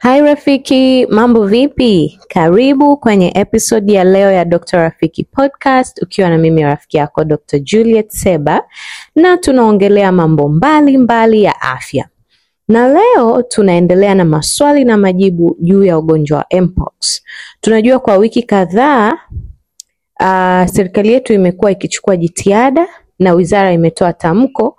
Hai rafiki, mambo vipi? Karibu kwenye episode ya leo ya Dr. Rafiki Podcast ukiwa na mimi rafiki yako Dr. Juliet Seba na tunaongelea mambo mbalimbali mbali ya afya. Na leo tunaendelea na maswali na majibu juu ya ugonjwa wa Mpox. Tunajua kwa wiki kadhaa uh, serikali yetu imekuwa ikichukua jitihada na wizara imetoa tamko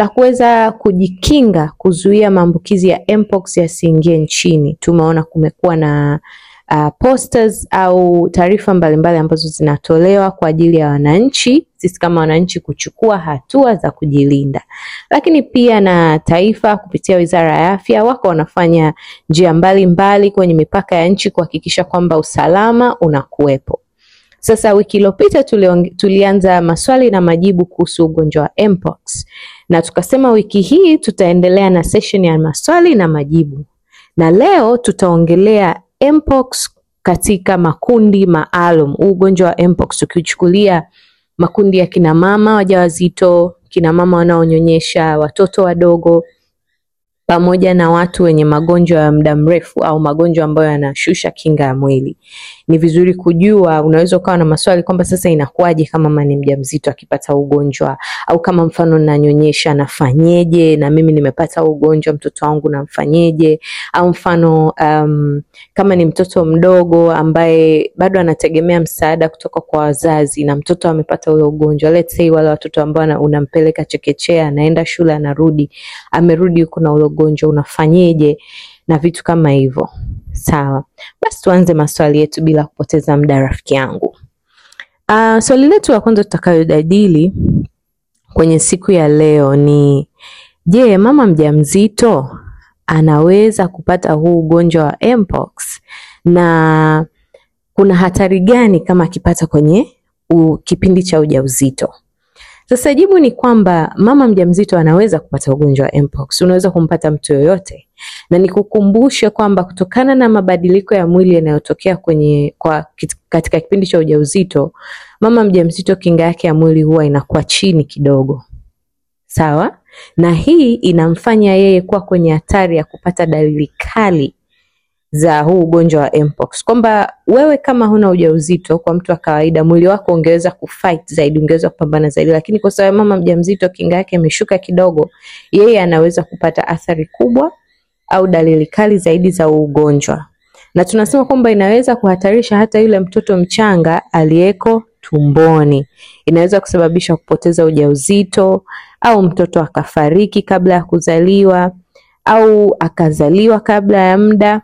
la kuweza kujikinga kuzuia maambukizi ya mpox yasiingie nchini, tumeona kumekuwa na uh, posters au taarifa mbalimbali ambazo zinatolewa kwa ajili ya wananchi, sisi kama wananchi kuchukua hatua za kujilinda, lakini pia na taifa kupitia Wizara ya Afya wako wanafanya njia mbalimbali kwenye mipaka ya nchi kuhakikisha kwamba usalama unakuwepo. Sasa wiki iliyopita tulianza maswali na majibu kuhusu ugonjwa wa mpox, na tukasema wiki hii tutaendelea na session ya maswali na majibu, na leo tutaongelea mpox katika makundi maalum. Ugonjwa wa mpox tukichukulia makundi ya kina mama wajawazito, kina mama wanaonyonyesha, watoto wadogo pamoja na watu wenye magonjwa ya muda mrefu au magonjwa ambayo yanashusha kinga ya mwili ni vizuri kujua. Unaweza ukawa na maswali kwamba sasa inakuwaje kama mama ni mjamzito akipata ugonjwa, au kama mfano nanyonyesha nafanyeje, na mimi nimepata ugonjwa mtoto wangu namfanyeje, au mfano um, kama ni mtoto mdogo ambaye bado anategemea msaada kutoka kwa wazazi na mtoto amepata ule ugonjwa, let's say wale watoto ambao unampeleka chekechea, anaenda shule, anarudi, amerudi huko na ule ugonjwa, unafanyeje na vitu kama hivyo. Sawa, basi tuanze maswali yetu bila kupoteza muda, rafiki yangu. Uh, swali letu la kwanza tutakayojadili kwenye siku ya leo ni je, mama mjamzito anaweza kupata huu ugonjwa wa mpox na kuna hatari gani kama akipata kwenye u, kipindi cha ujauzito? Sasa jibu ni kwamba mama mjamzito anaweza kupata ugonjwa wa mpox, unaweza kumpata mtu yoyote, na nikukumbushe kwamba kutokana na mabadiliko ya mwili yanayotokea kwenye kwa katika kipindi cha ujauzito, mama mjamzito kinga yake ya mwili huwa inakuwa chini kidogo, sawa, na hii inamfanya yeye kuwa kwenye hatari ya kupata dalili kali za huu ugonjwa wa mpox, kwamba wewe kama huna ujauzito, kwa mtu wa kawaida mwili wako ungeweza kufight zaidi, ungeweza kupambana zaidi, lakini kwa sababu mama mjamzito kinga yake imeshuka kidogo, yeye anaweza kupata athari kubwa au dalili kali zaidi za ugonjwa, na tunasema kwamba inaweza kuhatarisha hata yule mtoto mchanga aliyeko tumboni. Inaweza kusababisha kupoteza ujauzito au mtoto akafariki kabla ya kuzaliwa au akazaliwa kabla ya muda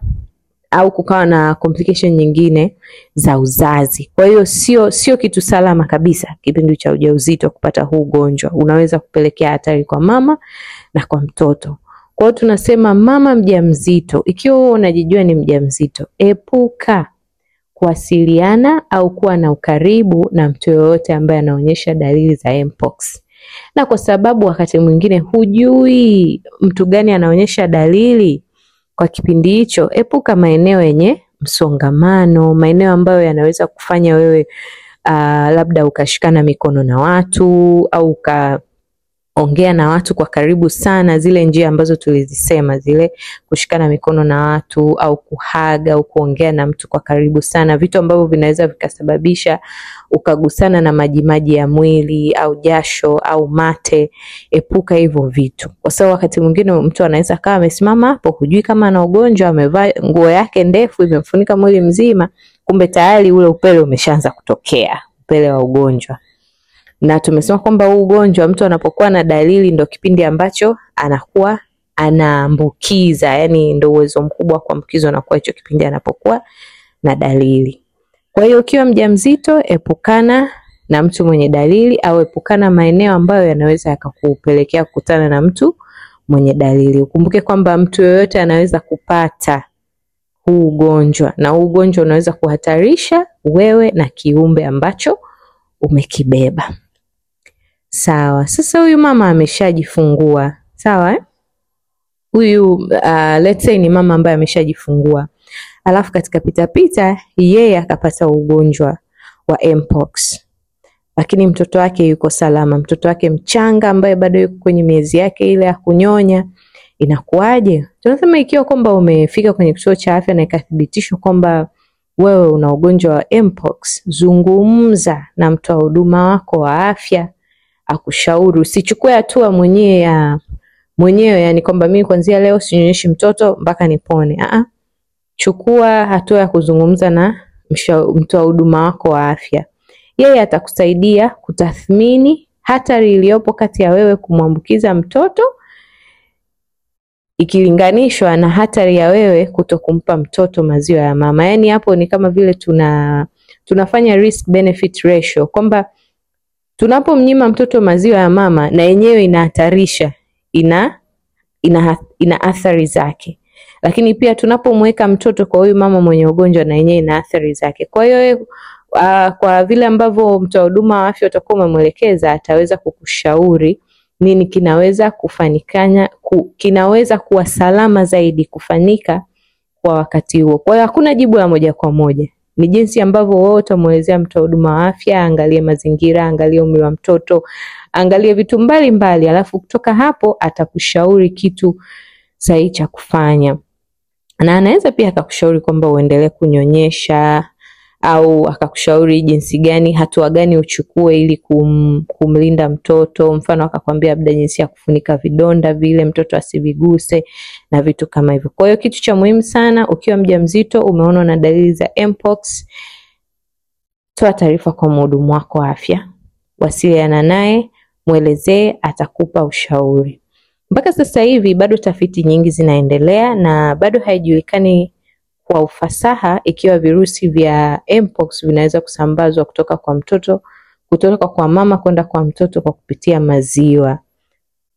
au kukawa na complication nyingine za uzazi. Kwa hiyo sio sio kitu salama kabisa kipindi cha ujauzito kupata huu ugonjwa, unaweza kupelekea hatari kwa mama na kwa mtoto. Kwa hiyo tunasema mama mjamzito, ikiwa wewe unajijua ni mjamzito, epuka kuwasiliana au kuwa na ukaribu na mtu yoyote ambaye anaonyesha dalili za mpox. Na kwa sababu wakati mwingine hujui mtu gani anaonyesha dalili, kwa kipindi hicho, epuka maeneo yenye msongamano, maeneo ambayo yanaweza kufanya wewe uh, labda ukashikana mikono na watu au ka, ongea na watu kwa karibu sana, zile njia ambazo tulizisema zile, kushikana mikono na watu au kuhaga au kuongea na mtu kwa karibu sana, vitu ambavyo vinaweza vikasababisha ukagusana na majimaji ya mwili au jasho au mate. Epuka hivyo vitu, kwa sababu wakati mwingine mtu anaweza kaa amesimama hapo, hujui kama ana ugonjwa, amevaa nguo yake ndefu imemfunika mwili mzima, kumbe tayari ule upele umeshaanza kutokea, upele wa ugonjwa na tumesema kwamba huu ugonjwa mtu anapokuwa na dalili ndo kipindi ambacho anakuwa anaambukiza, yani ndo uwezo mkubwa wa kuambukizwa unakuwa hicho kipindi anapokuwa na dalili. Kwa hiyo ukiwa mjamzito, epukana na mtu mwenye dalili au epukana maeneo ambayo yanaweza yakakupelekea kukutana na mtu mwenye dalili. Ukumbuke kwamba mtu yoyote anaweza kupata huu ugonjwa na huu ugonjwa unaweza kuhatarisha wewe na kiumbe ambacho umekibeba. Sawa. Sasa huyu mama ameshajifungua, sawa? Eh? Huyu uh, let's say ni mama ambaye ameshajifungua, alafu katika pitapita yeye akapata ugonjwa wa mpox lakini mtoto wake yuko salama, mtoto wake mchanga ambaye bado yuko kwenye miezi yake ile ya kunyonya. Inakuwaje? Tunasema ikiwa kwamba umefika kwenye kituo cha afya na ikathibitishwa kwamba wewe una ugonjwa wa mpox, zungumza na mtoa huduma wako wa afya akushauri usichukue hatua mwenyewe ya mwenyewe, yani kwamba mimi kuanzia leo sinyonyeshi mtoto mpaka nipone. Aa, chukua hatua ya kuzungumza na mtoa huduma wako wa afya. Yeye atakusaidia kutathmini hatari iliyopo kati ya wewe kumwambukiza mtoto ikilinganishwa na hatari ya wewe kutokumpa mtoto maziwa ya mama. Yaani hapo ni kama vile tuna tunafanya risk benefit ratio kwamba Tunapomnyima mtoto maziwa ya mama, na yenyewe inahatarisha, ina ina ina athari zake. Lakini pia tunapomweka mtoto kwa huyu mama mwenye ugonjwa, na yenyewe ina athari zake. Kwa hiyo uh, kwa vile ambavyo mtoa huduma wa afya utakuwa umemwelekeza, ataweza kukushauri nini kinaweza kufanikanya ku, kinaweza kuwa salama zaidi kufanyika kwa wakati huo. Kwa hiyo hakuna jibu la moja kwa moja ni jinsi ambavyo wewe utamwelezea mtoa huduma wa afya, angalie mazingira, angalie umri wa mtoto, angalie vitu mbalimbali, alafu kutoka hapo atakushauri kitu sahihi cha kufanya, na anaweza pia akakushauri kwamba uendelee kunyonyesha au akakushauri jinsi gani, hatua gani uchukue ili kum, kumlinda mtoto. Mfano akakwambia labda jinsi ya kufunika vidonda vile mtoto asiviguse na vitu kama hivyo. Kwa hiyo kitu cha muhimu sana, ukiwa mjamzito umeona na dalili za mpox, toa taarifa kwa mhudumu wako wa afya, wasiliana naye, mwelezee, atakupa ushauri. Mpaka sasa hivi bado tafiti nyingi zinaendelea na bado haijulikani kwa ufasaha ikiwa virusi vya mpox vinaweza kusambazwa kutoka kwa mtoto kutoka kwa mama kwenda kwa mtoto kwa kupitia maziwa.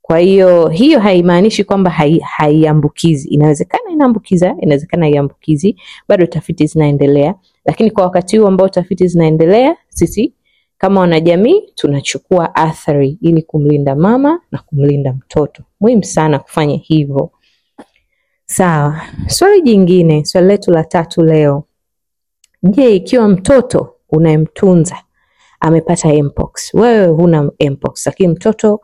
Kwa hiyo hiyo haimaanishi kwamba haiambukizi, hai inawezekana inaambukiza, inawezekana haiambukizi, bado tafiti zinaendelea. Lakini kwa wakati huu ambao tafiti zinaendelea, sisi kama wanajamii tunachukua athari ili kumlinda mama na kumlinda mtoto. Muhimu sana kufanya hivyo. Sawa, swali jingine, swali letu la tatu leo. Je, ikiwa mtoto unayemtunza amepata mpox, wewe huna mpox, lakini mtoto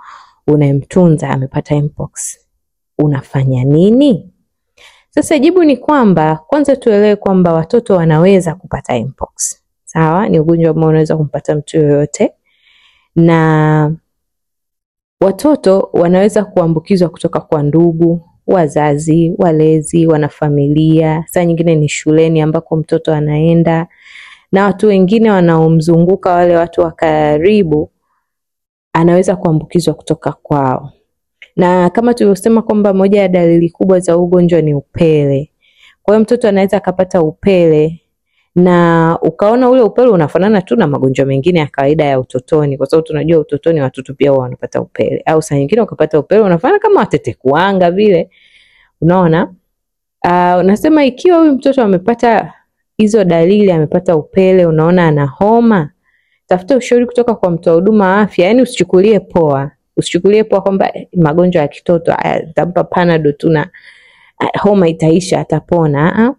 unayemtunza amepata mpox, unafanya nini? Sasa jibu ni kwamba kwanza tuelewe kwamba watoto wanaweza kupata mpox. Sawa, ni ugonjwa ambao unaweza kumpata mtu yoyote, na watoto wanaweza kuambukizwa kutoka kwa ndugu wazazi, walezi, wanafamilia, saa nyingine ni shuleni ambako mtoto anaenda na watu wengine wanaomzunguka, wale watu wa karibu, anaweza kuambukizwa kutoka kwao. Na kama tulivyosema kwamba moja ya dalili kubwa za ugonjwa ni upele. Kwa hiyo mtoto anaweza akapata upele na ukaona ule upele unafanana tu na magonjwa mengine ya kawaida ya utotoni, kwa sababu tunajua utotoni watoto pia huwa wanapata upele, au saa nyingine ukapata upele unafanana kama watete kuanga vile, unaona. Uh, unasema ikiwa huyu mtoto amepata hizo dalili, amepata upele, unaona ana homa, tafuta ushauri kutoka kwa mtoa huduma afya. Yani usichukulie poa, usichukulie poa kwamba eh, magonjwa ya kitoto, nitampa ah, panado tu na ah, homa itaisha, atapona. uh -huh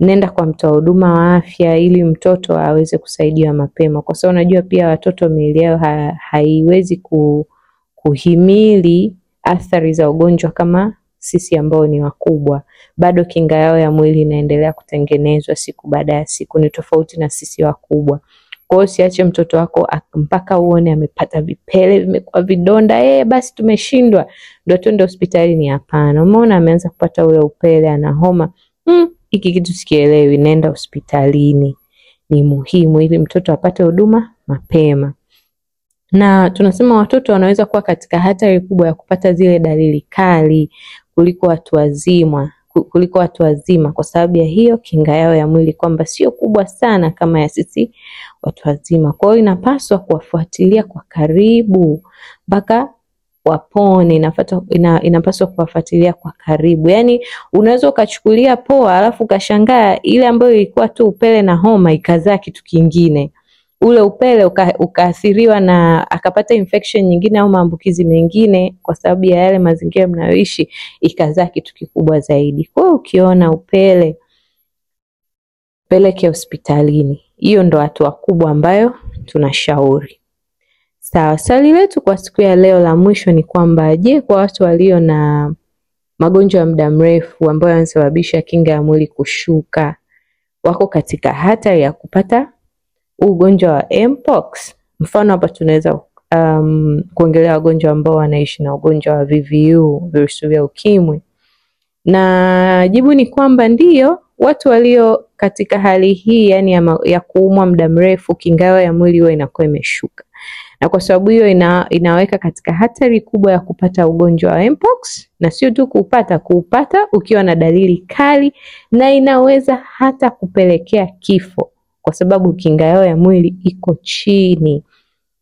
nenda kwa mtoa huduma wa afya ili mtoto aweze kusaidiwa mapema, kwa sababu unajua pia watoto miili yao ha, haiwezi ku, kuhimili athari za ugonjwa kama sisi ambao ni wakubwa. Bado kinga yao ya mwili inaendelea kutengenezwa siku baada ya siku, ni tofauti na sisi wakubwa. Kwa hiyo usiache mtoto wako mpaka uone amepata vipele vimekuwa vidonda, eh, basi tumeshindwa, ndo twende hospitali. Ni hapana. Umeona ameanza kupata ule upele, ana homa hiki kitu sikielewi, nenda hospitalini, ni muhimu ili mtoto apate huduma mapema. Na tunasema watoto wanaweza kuwa katika hatari kubwa ya kupata zile dalili kali kuliko watu wazima kuliko watu wazima kwa sababu ya hiyo kinga yao ya mwili kwamba sio kubwa sana kama ya sisi watu wazima. Kwa hiyo inapaswa kuwafuatilia kwa karibu mpaka wa ina, inapaswa kuwafuatilia kwa karibu. Yaani unaweza ukachukulia poa alafu ukashangaa ile ambayo ilikuwa tu upele na homa ikazaa kitu kingine ule upele ukaathiriwa na akapata infection nyingine au maambukizi mengine, kwa sababu ya yale mazingira mnayoishi, ikazaa kitu kikubwa zaidi. Kwa hiyo ukiona upele, peleke hospitalini. Hiyo ndo hatua kubwa ambayo tunashauri. Sawa, swali letu kwa siku ya leo la mwisho ni kwamba je, kwa watu walio na magonjwa ya muda mrefu ambayo yanasababisha kinga ya mwili kushuka wako katika hatari ya kupata ugonjwa wa mpox? Mfano hapa tunaweza um, kuongelea wagonjwa ambao wanaishi na ugonjwa wa VVU, virusi vya ukimwi, na jibu ni kwamba ndiyo, watu walio katika hali hii yani ya, ya kuumwa muda mrefu, kinga yao ya mwili huwa inakuwa imeshuka na kwa sababu hiyo ina, inaweka katika hatari kubwa ya kupata ugonjwa wa mpox, na sio tu kuupata, kuupata ukiwa na dalili kali, na inaweza hata kupelekea kifo, kwa sababu kinga yao ya mwili iko chini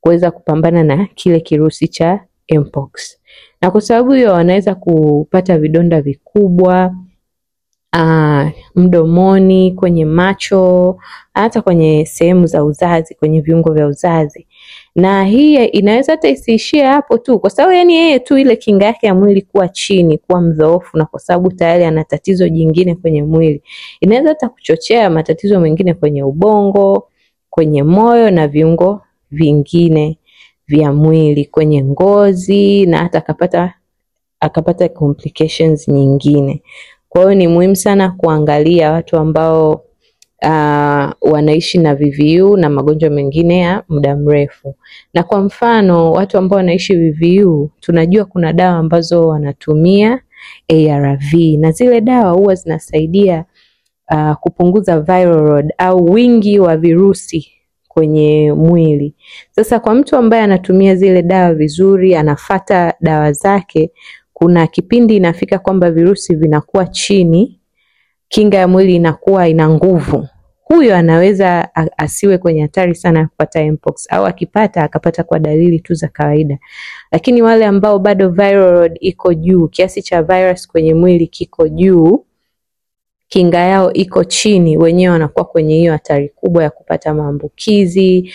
kuweza kupambana na kile kirusi cha mpox. Na kwa sababu hiyo wanaweza kupata vidonda vikubwa Uh, mdomoni, kwenye macho, hata kwenye sehemu za uzazi, kwenye viungo vya uzazi na hii inaweza hata isiishie hapo tu, kwa sababu yani yeye tu ile kinga yake ya mwili kuwa chini, kuwa mdhoofu, na kwa sababu tayari ana tatizo jingine kwenye mwili, inaweza hata kuchochea matatizo mengine kwenye ubongo, kwenye moyo na viungo vingine vya mwili, kwenye ngozi na hata akapata akapata complications nyingine. Kwa hiyo ni muhimu sana kuangalia watu ambao uh, wanaishi na VVU na magonjwa mengine ya muda mrefu. Na kwa mfano watu ambao wanaishi VVU, tunajua kuna dawa ambazo wanatumia ARV na zile dawa huwa zinasaidia uh, kupunguza viral load au wingi wa virusi kwenye mwili. Sasa kwa mtu ambaye anatumia zile dawa vizuri, anafata dawa zake, kuna kipindi inafika kwamba virusi vinakuwa chini, kinga ya mwili inakuwa ina nguvu, huyo anaweza asiwe kwenye hatari sana ya kupata mpox, au akipata akapata kwa dalili tu za kawaida. Lakini wale ambao bado viral load iko juu, kiasi cha virus kwenye mwili kiko juu, kinga yao iko chini, wenyewe wanakuwa kwenye hiyo hatari kubwa ya kupata maambukizi,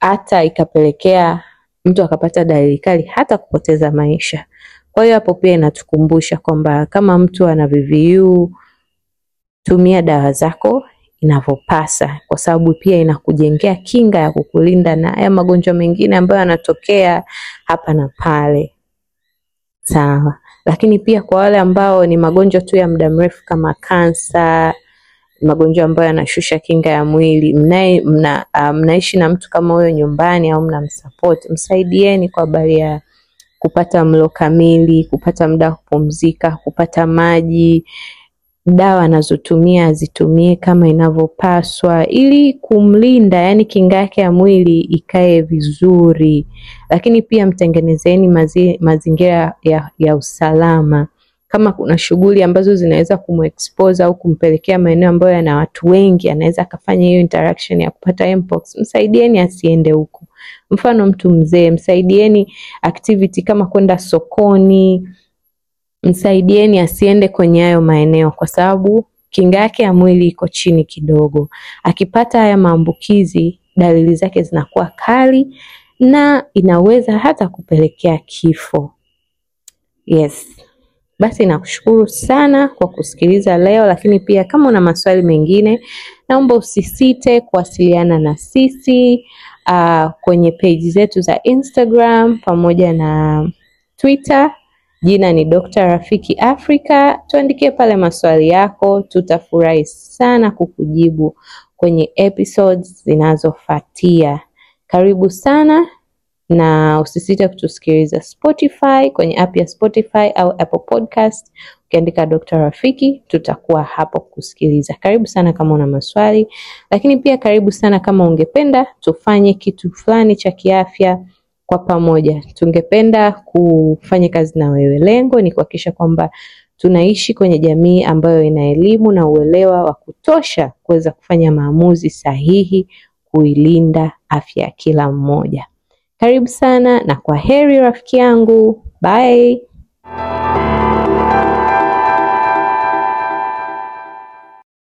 hata ikapelekea mtu akapata dalili kali, hata kupoteza maisha. Kwa hiyo hapo pia inatukumbusha kwamba kama mtu ana VVU, tumia dawa zako inavyopasa, kwa sababu pia inakujengea kinga ya kukulinda na haya magonjwa mengine ambayo yanatokea hapa na pale. Sawa. Lakini pia kwa wale ambao ni magonjwa tu ya muda mrefu kama kansa, magonjwa ambayo yanashusha kinga ya mwili, ah, mnaishi mna, uh, na mtu kama huyo nyumbani au mnamsapoti, msaidieni kwa habari ya kupata mlo kamili, kupata muda wa kupumzika, kupata maji dawa anazotumia azitumie kama inavyopaswa ili kumlinda, yani kinga yake ya mwili ikae vizuri, lakini pia mtengenezeni mazi, mazingira ya, ya usalama. Kama kuna shughuli ambazo zinaweza kumexpose au kumpelekea maeneo ambayo yana watu wengi, anaweza akafanya hiyo interaction ya kupata mpox, msaidieni asiende huko. Mfano mtu mzee, msaidieni activity kama kwenda sokoni msaidieni asiende kwenye hayo maeneo, kwa sababu kinga yake ya mwili iko chini kidogo. Akipata haya maambukizi, dalili zake zinakuwa kali na inaweza hata kupelekea kifo. Yes. Basi nakushukuru sana kwa kusikiliza leo, lakini pia kama una maswali mengine, naomba usisite kuwasiliana na sisi uh, kwenye peji zetu za Instagram pamoja na Twitter Jina ni Dr. Rafiki Africa. Tuandikie pale maswali yako, tutafurahi sana kukujibu kwenye episodes zinazofuatia. Karibu sana na usisite kutusikiliza Spotify, kwenye app ya Spotify au Apple Podcast. Ukiandika Dr. Rafiki tutakuwa hapo kusikiliza. Karibu sana kama una maswali, lakini pia karibu sana kama ungependa tufanye kitu fulani cha kiafya kwa pamoja. Tungependa kufanya kazi na wewe. Lengo ni kuhakikisha kwamba tunaishi kwenye jamii ambayo ina elimu na uelewa wa kutosha kuweza kufanya maamuzi sahihi kuilinda afya ya kila mmoja. Karibu sana na kwa heri rafiki yangu. Bye.